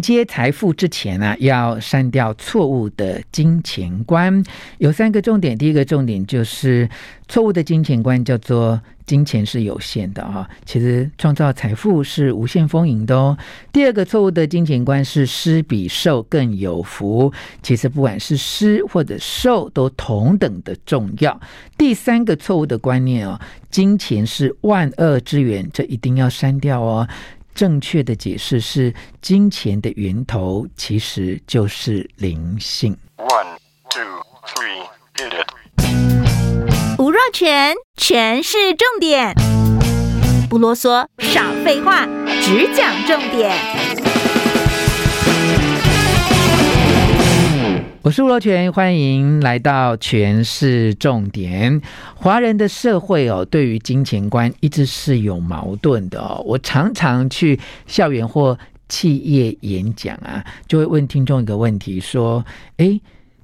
接財富之前呢、啊，要刪掉錯誤的金錢觀，有三個重點。第一個重點就是錯誤的金錢觀，叫做金錢是有限的哈、哦。其實創造財富是無限豐盈的哦。第二個錯誤的金錢觀是“施比受更有福”，其實不管是施或者受，都同等的重要。第三個錯誤的觀念哦，金錢是萬惡之源，這一定要刪掉哦。正確的解釋是，金錢的源頭其實就是靈性。One two three，get it. 吳若權，全是重點，不囉嗦，少廢話，只講重點。我是吳若權，歡迎來到《權式重點》。華人的社會哦，對於金錢觀一直是有矛盾的哦。我常常去校園或企業演講啊，就會問聽眾一個問題：說，誒，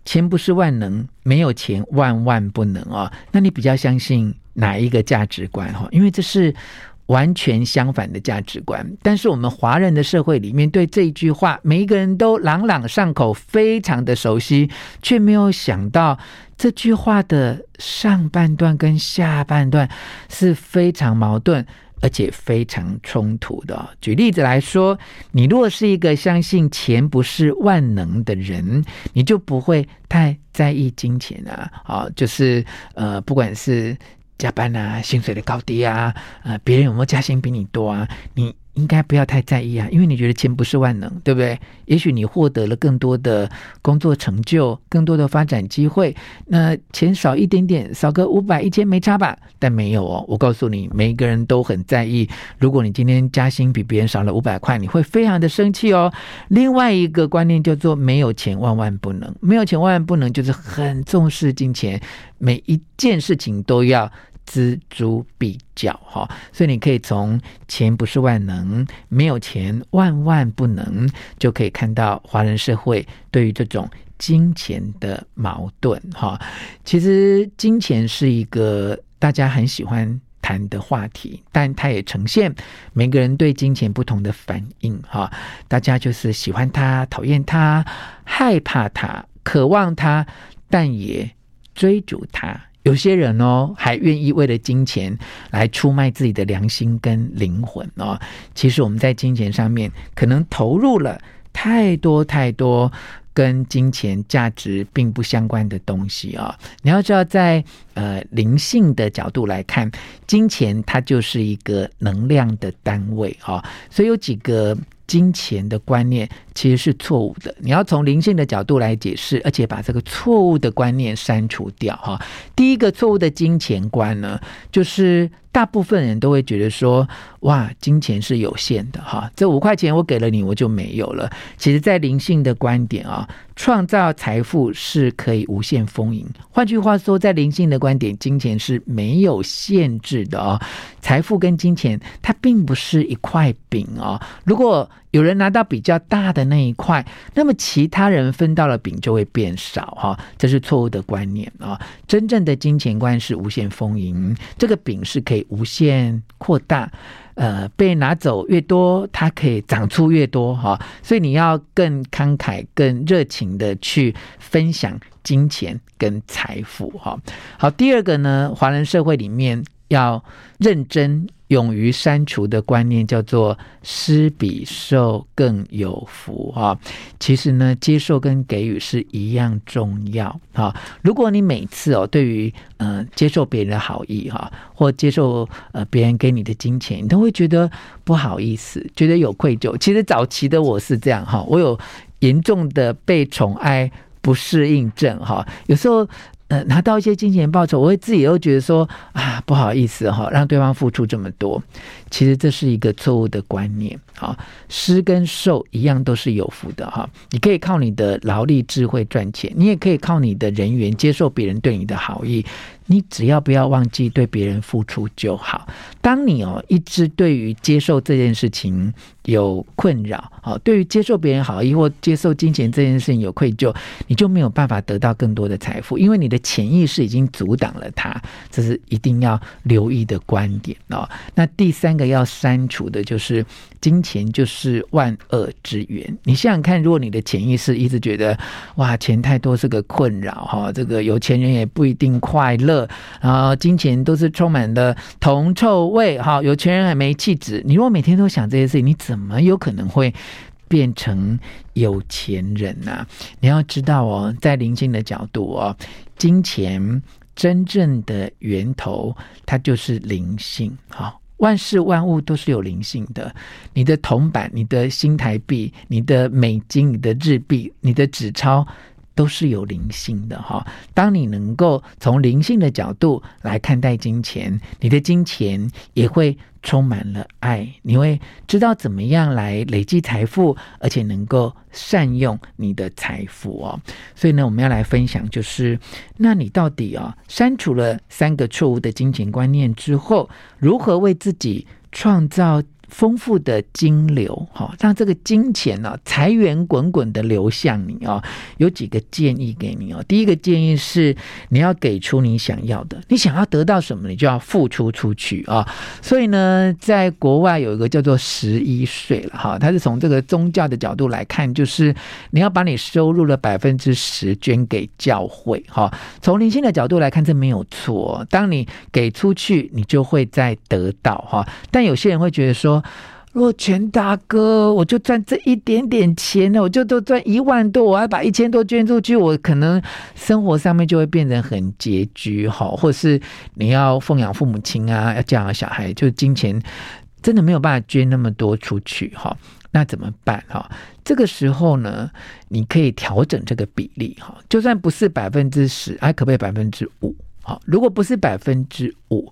錢不是萬能，沒有錢萬萬不能哦。那你比較相信哪一個價值觀哈？因為這是。完全相反的價值觀，但是我們華人的社會裡面，對這一句話，每一個人都朗朗上口，非常的熟悉，卻沒有想到這句話的上半段跟下半段是非常矛盾，而且非常衝突的。舉例子來說，你如果是一個相信錢不是萬能的人，你就不會太在意金錢啊，啊、哦，就是呃，不管是。加班啊，薪水的高低啊，啊、呃、別人有沒有加薪比你多啊？你。應該不要太在意啊，因為你覺得錢不是萬能，對不對？也許你獲得了更多的工作成就，更多的發展機會，那錢少一點點，少個五百、一千沒差吧？但沒有哦，我告訴你，每一個人都很在意。如果你今天加薪比別人少了五百塊，你會非常的生氣哦。另外一個觀念叫做沒有錢萬萬不能，沒有錢萬萬不能，就是很重視金錢，每一件事情都要。錙銖必較，哈，所以你可以從錢不是萬能，沒有錢萬萬不能，就可以看到華人社會對於這種金錢的矛盾，哈。其實金錢是一個大家很喜歡談的話題，但它也呈現每個人對金錢不同的反應，哈。大家就是喜歡它、討厭它、害怕它、渴望它，但也追逐它。有些人哦，還願意為了金錢來出賣自己的良心跟靈魂哦。其實我們在金錢上面可能投入了太多太多跟金錢價值並不相關的東西哦。你要知道，在呃，靈性的角度來看，金錢它就是一個能量的單位哦。所以有幾個。金錢的觀念其實是錯誤的，你要從靈性的角度來解釋，而且把這個錯誤的觀念刪除掉哈。第一個錯誤的金錢觀呢，就是大部分人都會覺得說，哇，金錢是有限的哈，這五塊錢我給了你，我就沒有了。其實，在靈性的觀點啊。創造財富是可以無限豐盈。換句話說，在靈性的觀點，金錢是沒有限制的哦。財富跟金錢，它並不是一塊餅哦。如果有人拿到比較大的那一塊，那麼其他人分到了餅就會變少哈、哦。這是錯誤的觀念啊、哦！真正的金錢觀是無限豐盈，這個餅是可以無限擴大。呃，被拿走越多，它可以長出越多哈，所以你要更慷慨、更熱情的去分享金錢跟財富哈。好，第二個呢，華人社會裡面要認真。勇於刪除的觀念叫做“施比受更有福”。其實呢，接受跟給予是一樣重要。如果你每次哦，對於嗯、呃、接受別人的好意哈，或接受呃別人給你的金錢，你都會覺得不好意思，覺得有愧疚。其實早期的我是這樣哈，我有嚴重的被寵愛不適應症哈，有時候。嗯、呃，拿到一些金錢報酬，我會自己又覺得說啊，不好意思哈，讓對方付出這麼多，其實這是一個錯誤的觀念。好、哦，施跟受一樣都是有福的哈、哦。你可以靠你的勞力智慧賺錢，你也可以靠你的人緣接受別人對你的好意。你只要不要忘記對別人付出就好。當你哦一直對於接受這件事情有困擾，哦，對於接受別人好意或接受金錢這件事情有愧疚，你就沒有辦法得到更多的財富，因為你的潛意識已經阻擋了它。這是一定要留意的觀點哦。那第三個要刪除的就是金錢就是萬惡之源。你想想看，如果你的潛意識一直覺得哇錢太多是個困擾哈、哦，這個有錢人也不一定快樂。啊，金錢都是充滿了銅臭味，好，有錢人還沒氣質。你如果每天都想這些事情，你怎麼有可能會變成有錢人呢、啊？你要知道哦，在靈性的角度哦，金錢真正的源頭，它就是靈性。好，萬事萬物都是有靈性的。你的銅板，你的新台幣，你的美金，你的日幣，你的紙鈔。都是有靈性的哈。當你能夠從靈性的角度來看待金錢，你的金錢也會充滿了愛。你會知道怎麼樣來累積財富，而且能夠善用你的財富哦。所以呢，我們要來分享，就是那你到底哦，刪除了三個錯誤的金錢觀念之後，如何為自己創造？豐富的金流，哈、哦，讓這個金錢呢、哦、財源滾滾的流向你啊、哦！有幾個建議給你哦。第一個建議是，你要給出你想要的，你想要得到什麼，你就要付出出去啊、哦。所以呢，在國外有一個叫做十一稅了哈、哦，它是從這個宗教的角度來看，就是你要把你收入的百分之十捐給教會哈、哦。從靈性的角度來看，這沒有錯、哦。當你給出去，你就會再得到哈、哦。但有些人會覺得說。若權大哥，我就賺這一點點錢呢，我就都賺一萬多，我要把一千多捐出去，我可能生活上面就會變成很拮据哈，或者是你要奉養父母親啊，要教養的小孩，就金錢真的沒有辦法捐那麼多出去哈，那怎麼辦哈？這個時候呢，你可以調整這個比例哈，就算不是百分之十，還可不可以百分之五？如果不是百分之五。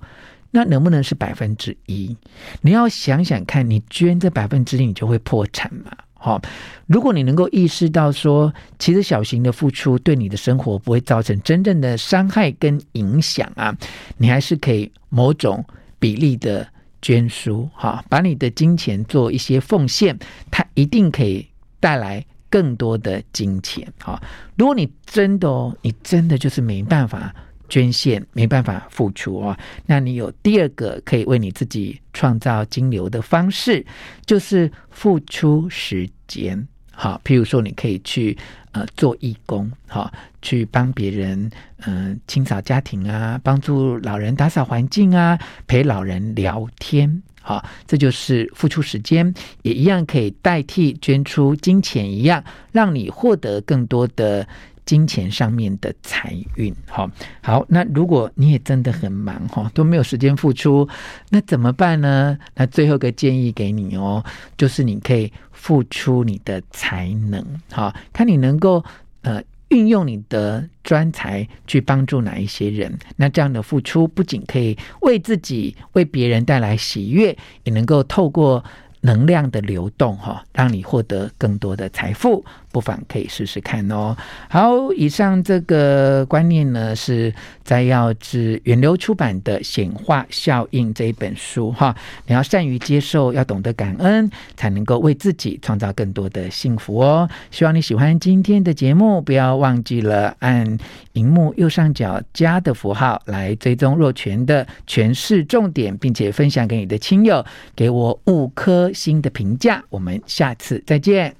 那能不能是百分之一？你要想想看，你捐這百分之一，你就會破產嘛？好、哦，如果你能夠意識到說，其實小型的付出對你的生活不會造成真正的傷害跟影響啊，你還是可以某種比例的捐輸，哈、哦，把你的金錢做一些奉獻，它一定可以帶來更多的金錢。好、哦，如果你真的哦，你真的就是沒辦法。捐獻沒辦法付出啊、哦，那你有第二個可以為你自己創造金流的方式，就是付出時間。好、哦，譬如說你可以去呃做義工，好、哦，去幫別人嗯、呃、清掃家庭啊，幫助老人打掃環境啊，陪老人聊天，好、哦，這就是付出時間，也一樣可以代替捐出金錢一樣，讓你獲得更多的金錢上面的財運，好，好，那如果你也真的很忙，哈，都沒有時間付出，那怎麼辦呢？那最後一個建議給你哦，就是你可以付出你的才能，好，看你能夠呃運用你的專才去幫助哪一些人，那這樣的付出不僅可以為自己、為別人帶來喜悅，也能夠透過能量的流動，哈，讓你獲得更多的財富。不妨可以試試看哦。好，以上這個觀念呢，是摘要自遠流出版的《顯化效應》這一本書哈。你要善於接受，要懂得感恩，才能夠為自己創造更多的幸福哦。希望你喜歡今天的節目，不要忘記了按熒幕右上角加的符號來追蹤若權的權式重點，並且分享給你的親友，給我五顆星的評價。我們下次再見。